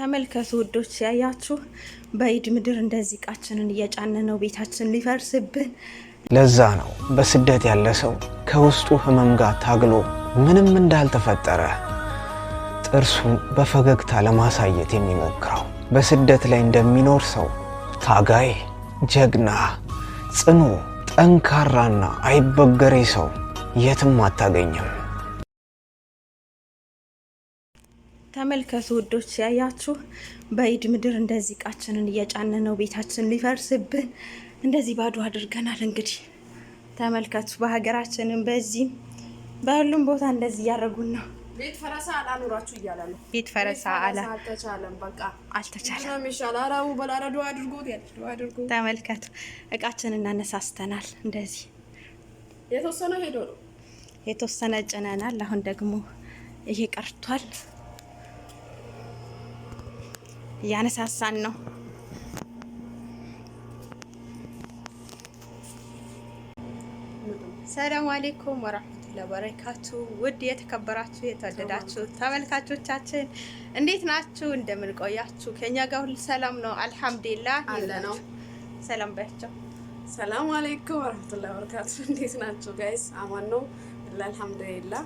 ተመልከቱ ውዶች፣ ያያችሁ በኢድ ምድር እንደዚህ እቃችንን እየጫነ ነው ቤታችን ሊፈርስብን። ለዛ ነው በስደት ያለ ሰው ከውስጡ ህመም ጋር ታግሎ ምንም እንዳልተፈጠረ ጥርሱን በፈገግታ ለማሳየት የሚሞክረው። በስደት ላይ እንደሚኖር ሰው ታጋይ፣ ጀግና፣ ጽኑ፣ ጠንካራና አይበገሬ ሰው የትም አታገኝም። ተመልከቱ ውዶች፣ ያያችሁ በኢድ ምድር እንደዚህ እቃችንን እየጫነ ነው ቤታችን ሊፈርስብን፣ እንደዚህ ባዶ አድርገናል። እንግዲህ ተመልከቱ፣ በሀገራችንም በዚህም በሁሉም ቦታ እንደዚህ እያደረጉን ነው። ቤት ፈረሳ አላኖራችሁ እያላሉ ቤት ፈረሳ አላ አልተቻለም፣ በቃ አልተቻለም። ተመልከቱ፣ እቃችንን እናነሳስተናል። እንደዚህ የተወሰነ ሄዶ ነው የተወሰነ ጭነናል። አሁን ደግሞ ይሄ ቀርቷል። እያነሳሳን ነው። ሰላም አሌይኩም ወራህመቱላሂ ወበረካቱ። ውድ የተከበራችሁ የተወደዳችሁ ተመልካቾቻችን እንዴት ናችሁ? እንደምን ቆያችሁ? ከኛ ጋር ሁሉ ሰላም ነው አልሐምዱሊላህ። ነው ሰላም በያቸው። ሰላም አሌይኩም ወራህመቱላሂ ወበረካቱ። እንዴት ናችሁ ጋይስ? አማን ነው አልሐምዱሊላህ።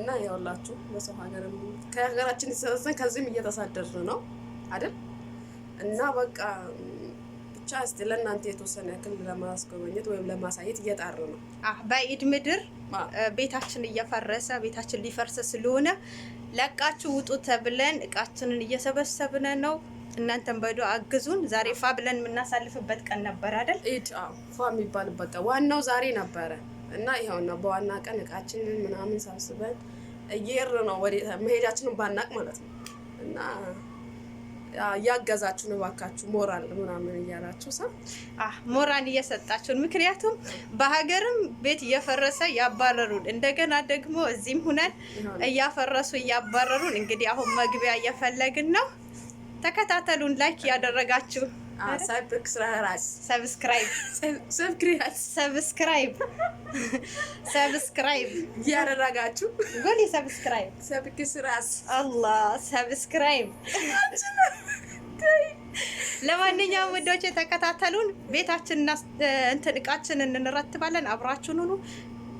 እና ያውላችሁ በሰው ሀገር ከሀገራችን ሲሰበሰን ከዚህም እየተሳደር ነው አይደል? እና በቃ ብቻ እስቲ ለእናንተ የተወሰነ ያክል ለማስጎበኘት ወይም ለማሳየት እየጣር ነው። በኢድ ምድር ቤታችን እየፈረሰ ቤታችን ሊፈርስ ስለሆነ ለቃችሁ ውጡ ተብለን እቃችንን እየሰበሰብን ነው። እናንተን በዶ አግዙን። ዛሬ ፋ ብለን የምናሳልፍበት ቀን ነበር አይደል? ኢድ ፋ የሚባልበት ቀን ዋናው ዛሬ ነበረ እና ነው በዋና ቀን እቃችንን ምናምን ሰብስበን እየር ነው ወደ መሄዳችንን ባናቅ ማለት ነው እና እያገዛችሁ ነው ባካችሁ፣ ሞራል ምናምን እያላችሁ ሰው ሞራል እየሰጣችሁን። ምክንያቱም በሀገርም ቤት እየፈረሰ ያባረሩን፣ እንደገና ደግሞ እዚህም ሁነን እያፈረሱ እያባረሩን። እንግዲህ አሁን መግቢያ እየፈለግን ነው። ተከታተሉን፣ ላይክ እያደረጋችሁ ሰብስክራይብ ሰብስክራይብ ያደረጋችሁ ጎል ሰብስክራይብ ሰብስክራይብ። ለማንኛውም ውዶች የተከታተሉን ቤታችን እንትን እቃችንን እንረትባለን። አብራችሁን ሁኑ።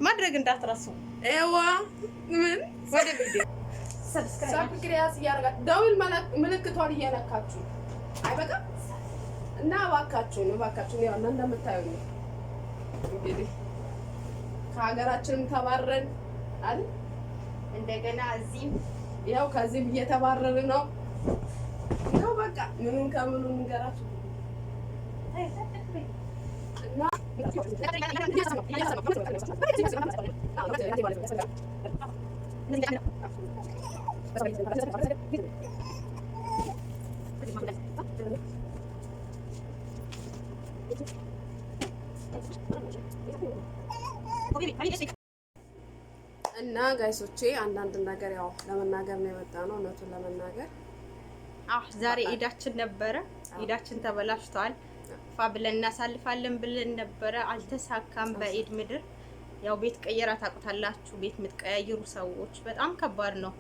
ማድረግ እንዳትረሱ። ዋ ምን ወደ ቪዲዮ ሰብስክራይብ እያደረጋችሁ ደውል ምልክቷን እየነካችሁ አይበቃ እና እባካችሁን እባካችሁን ያው እንደምታዩ ነው እንግዲህ ከሀገራችንም ተባረን አይደል እንደገና እዚህም ያው ከዚህም እየተባረርን ነው። ያው በቃ ምንም ከምኑ ንገራችሁ እና እና ጋይሶቼ አንዳንድ ነገር ያው ለመናገር ነው የመጣ ነው እውነቱን ለመናገር አዎ ዛሬ ኢዳችን ነበረ። ኢዳችን ተበላሽቷል። ፋ ብለን እናሳልፋለን ብለን ነበረ፣ አልተሳካም። በኢድ ምድር ያው ቤት ቀየራ ታውቁታላችሁ። ቤት የምትቀያየሩ ሰዎች በጣም ከባድ ነው።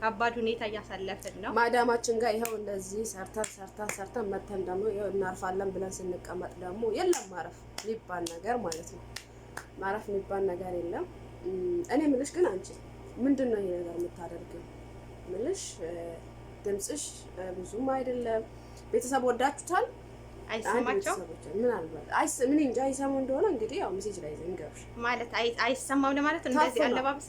ከባድ ሁኔታ እያሳለፍን ነው። ማዳማችን ጋር ይኸው እንደዚህ ሰርተን ሰርተን ሰርተን መተን ደግሞ እናርፋለን ብለን ስንቀመጥ ደግሞ የለም ማረፍ ሊባል ነገር ማለት ነው ማረፍ የሚባል ነገር የለም። እኔ ምልሽ ግን አንቺ ምንድን ነው ይሄ ነገር የምታደርገው? ምልሽ ድምፅሽ ብዙም አይደለም። ቤተሰብ ወዳችሁታል። አይሰማቸው ምናልባት ምን እንጂ አይሰሙ እንደሆነ እንግዲህ ያው ሜሴጅ ላይ ዘንገብሽ ማለት አይሰማም ለማለት እንደዚህ አለባበስ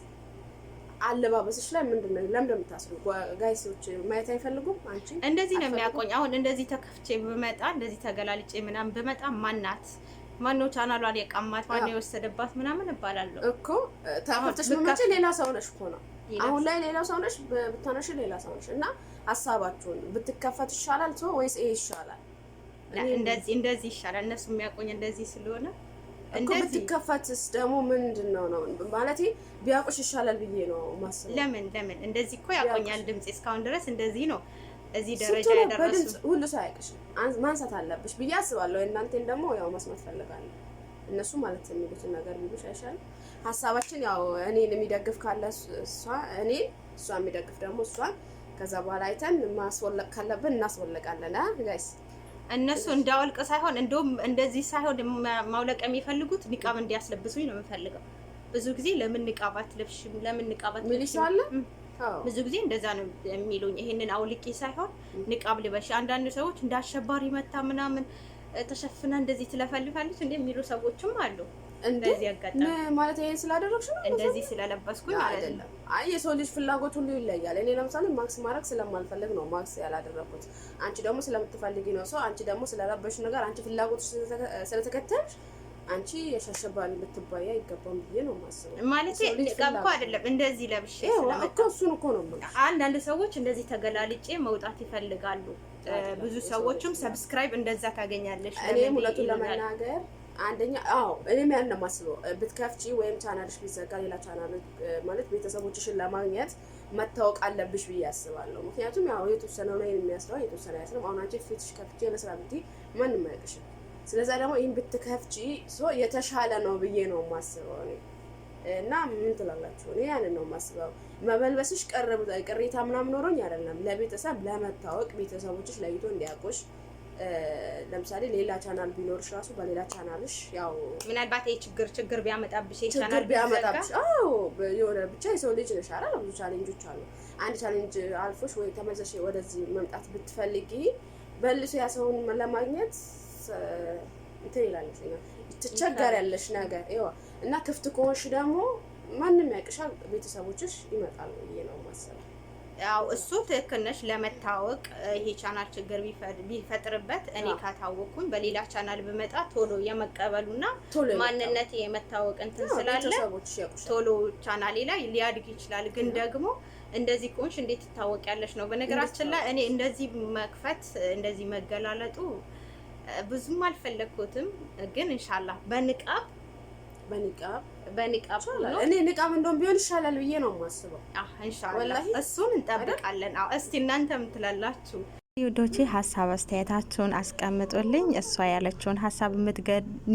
አለባበስሽ ላይ ምንድን ነው ለምን እንደምታስሩ ጋይሶች ማየት አይፈልጉም። አንቺ እንደዚህ ነው የሚያቆኝ። አሁን እንደዚህ ተከፍቼ ብመጣ እንደዚህ ተገላልጬ ምናምን ብመጣ ማናት ማነው ቻናሏን የቀማት ማነው የወሰደባት ምናምን እባላለሁ እኮ ታፈርተሽ ነው መቼ ሌላ ሰው ነሽ እኮ ነው አሁን ላይ ሌላ ሰው ነሽ ብታነሽ ሌላ ሰው ነሽ እና ሀሳባችሁን ብትከፈት ይሻላል ሰው ወይስ ይሄ ይሻላል እንደዚህ እንደዚህ ይሻላል እነሱ የሚያቆኝ እንደዚህ ስለሆነ እኮ ብትከፈትስ ደግሞ ምንድን ነው ነው ማለት ቢያውቁሽ ይሻላል ብዬ ነው ማሰብ ለምን ለምን እንደዚህ እኮ ያቆኛል ድምጽ እስካሁን ድረስ እንደዚህ ነው እዚህ ደረጃ ያደረሱ ሁሉ ሰው ያውቅሽ ማንሳት አለብሽ ብዬ አስባለሁ። እናንተን ደግሞ ያው መስማት ፈልጋለሁ። እነሱ ማለት የሚሉትን ነገር ቢሉሽ አይሻልም? ሀሳባችን ያው እኔን የሚደግፍ ካለ እሷ እኔ እሷ የሚደግፍ ደግሞ እሷን ከዛ በኋላ አይተን ማስወለቅ ካለብን እናስወለቃለን። ጋይስ እነሱ እንዳወልቅ ሳይሆን እንደውም እንደዚህ ሳይሆን ማውለቅ የሚፈልጉት ኒቃብ እንዲያስለብሱኝ ነው የምፈልገው። ብዙ ጊዜ ለምን ኒቃባት ልብሽ ለምን ኒቃባት ልብሽ ብዙ ጊዜ እንደዛ ነው የሚሉኝ። ይሄንን አውልቄ ሳይሆን ንቃብ ልበሽ። አንዳንድ ሰዎች እንደ አሸባሪ መታ ምናምን ተሸፍና እንደዚህ ትለፈልፋለች እንደ የሚሉ ሰዎችም አሉ። እንደዚህ አጋጣሚ ማለት ይሄን ስላደረግሽ ነው እንደዚህ ስለለበስኩኝ ማለት ነው። አይ የሰው ልጅ ፍላጎት ሁሉ ይለያል። እኔ ለምሳሌ ማክስ ማድረግ ስለማልፈልግ ነው ማክስ ያላደረኩት። አንቺ ደግሞ ስለምትፈልጊ ነው። ሰው አንቺ ደግሞ ስለለበሽ ነገር አንቺ ፍላጎት ስለተከተልሽ አንቺ የሸሸባል ልትባይ አይገባም ብዬ ነው የማስበው። ማለት ቀብኮ አይደለም እንደዚህ ለብሼ ስለመጣ እሱን እኮ ነው። አንዳንድ ሰዎች እንደዚህ ተገላልጬ መውጣት ይፈልጋሉ። ብዙ ሰዎችም ሰብስክራይብ እንደዛ ታገኛለሽ። እኔ ሁለቱን ለመናገር አንደኛ አዎ እኔም ያን ነው የማስበው። ብትከፍጪ ወይም ቻናልሽ ቢዘጋ ሌላ ቻናል ማለት ቤተሰቦችሽን ለማግኘት መታወቅ አለብሽ ብዬ አስባለሁ። ምክንያቱም ያው የተወሰነ ላይ የሚያስረው የተወሰነ ያስረው። አሁን አንቺ ፊትሽ ከፍቼ ለስራ ብትይ ማንም አያውቅሽም ስለዛ ደግሞ ይህን ብትከፍቺ የተሻለ ነው ብዬ ነው የማስበው እኔ እና ምን ትላላችሁ? እኔ ያንን ነው የማስበው። መበልበስሽ ቅሬታ ምናምን ኖሮኝ አይደለም፣ ለቤተሰብ ለመታወቅ ቤተሰቦችሽ ለይቶ እንዲያውቁሽ። ለምሳሌ ሌላ ቻናል ቢኖርሽ ራሱ በሌላ ቻናልሽ ያው ምናልባት ችግር ችግር ቢያመጣብሽ ችግር ቢያመጣብሽ የሆነ ብቻ የሰው ልጅ ነሽ አይደል? ብዙ ቻሌንጆች አሉ። አንድ ቻሌንጅ አልፎሽ ወይ ተመዘሽ ወደዚህ መምጣት ብትፈልጊ በልሶ ያ ሰውን ለማግኘት እንትን ይላል ትቸገሪያለሽ ነገር ይኸው እና ክፍት ከሆንሽ ደግሞ ማንም ያቅሻል፣ ቤተሰቦችሽ ይመጣሉ ብዬ ነው የማስበው። ያው እሱ ትክክል ነሽ። ለመታወቅ ይሄ ቻናል ችግር ቢፈጥርበት እኔ ካታወቅኩኝ በሌላ ቻናል ብመጣ ቶሎ የመቀበሉና ማንነት የመታወቅ እንትን ስላለ ቶሎ ቻናሌ ላይ ሊያድግ ይችላል። ግን ደግሞ እንደዚህ ከሆንሽ እንዴት ትታወቂያለሽ ነው። በነገራችን ላይ እኔ እንደዚህ መክፈት እንደዚህ መገላለጡ ብዙም አልፈለግኩትም፣ ግን እንሻላ በንቃብ በንቃብ በንቃብ እኔ ንቃብ እንደውም ቢሆን ይሻላል ብዬ ነው የማስበው። እንሻላ እሱን እንጠብቃለን። እስቲ እናንተ ምን ትላላችሁ? ውዶቼ ሀሳብ አስተያየታችሁን አስቀምጡልኝ። እሷ ያለችውን ሀሳብ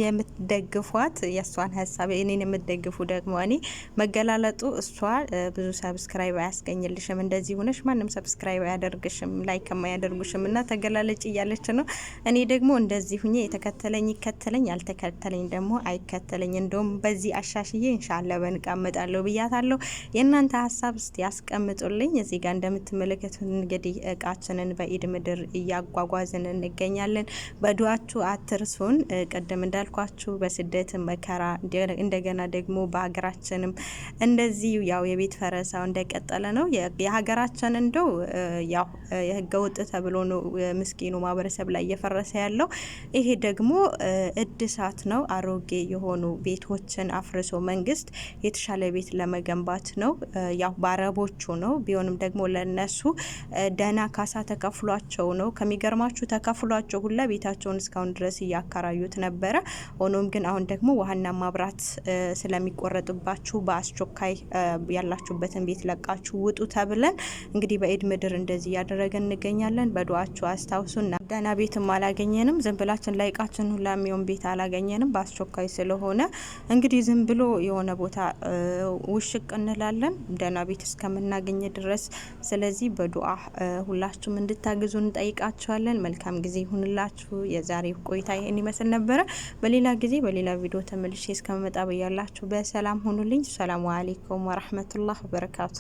የምትደግፏት የእሷን ሀሳብ እኔን የምትደግፉ ደግሞ እኔ መገላለጡ እሷ ብዙ ሰብስክራይብ አያስገኝልሽም፣ እንደዚህ ሆነሽ ማንም ሰብስክራይብ አያደርግሽም፣ ላይክም አያደርጉሽም እና ተገላለጭ እያለች ነው። እኔ ደግሞ እንደዚህ ሁኜ የተከተለኝ ይከተለኝ፣ ያልተከተለኝ ደግሞ አይከተለኝ። እንደውም በዚህ አሻሽዬ እንሻለ በንቃመጣለሁ ብያታለሁ። የእናንተ ሀሳብ እስቲ ያስቀምጡልኝ። እዚህ ጋር እንደምትመለከቱ እንግዲህ እቃችንን በኢድ ምድር እያጓጓዝን እንገኛለን። በዱአችሁ አትርሱን። ቀደም እንዳልኳችሁ በስደት መከራ፣ እንደገና ደግሞ በሀገራችንም እንደዚህ ያው የቤት ፈረሳው እንደቀጠለ ነው። የሀገራችን እንደው ያው ህገ ወጥ ተብሎ ነው ምስኪኑ ማህበረሰብ ላይ እየፈረሰ ያለው። ይሄ ደግሞ እድሳት ነው። አሮጌ የሆኑ ቤቶችን አፍርሶ መንግስት የተሻለ ቤት ለመገንባት ነው። ያው በአረቦቹ ነው ቢሆንም ደግሞ ለነሱ ደህና ካሳ ተከፍሏቸው ቤታቸው ነው። ከሚገርማችሁ ተከፍሏቸው ሁላ ቤታቸውን እስካሁን ድረስ እያከራዩት ነበረ። ሆኖም ግን አሁን ደግሞ ውሃና ማብራት ስለሚቆረጥባችሁ በአስቸኳይ ያላችሁበትን ቤት ለቃችሁ ውጡ ተብለን እንግዲህ በኢድ ምድር እንደዚህ እያደረገ እንገኛለን። በዱአችሁ አስታውሱና ደህና ቤትም አላገኘንም። ዝም ብላችን ላይቃችን ሁላ የሚሆን ቤት አላገኘንም። በአስቸኳይ ስለሆነ እንግዲህ ዝም ብሎ የሆነ ቦታ ውሽቅ እንላለን ደህና ቤት እስከምናገኝ ድረስ። ስለዚህ በዱአ ሁላችሁም እንድታግዙ እንጠይቃችኋለን። መልካም ጊዜ ይሁንላችሁ። የዛሬ ቆይታ ይህን ይመስል ነበረ። በሌላ ጊዜ በሌላ ቪዲዮ ተመልሼ እስከመመጣ በሰላም ሁኑልኝ። ሰላሙ አሌይኩም ወረህመቱላህ ወበረካቱ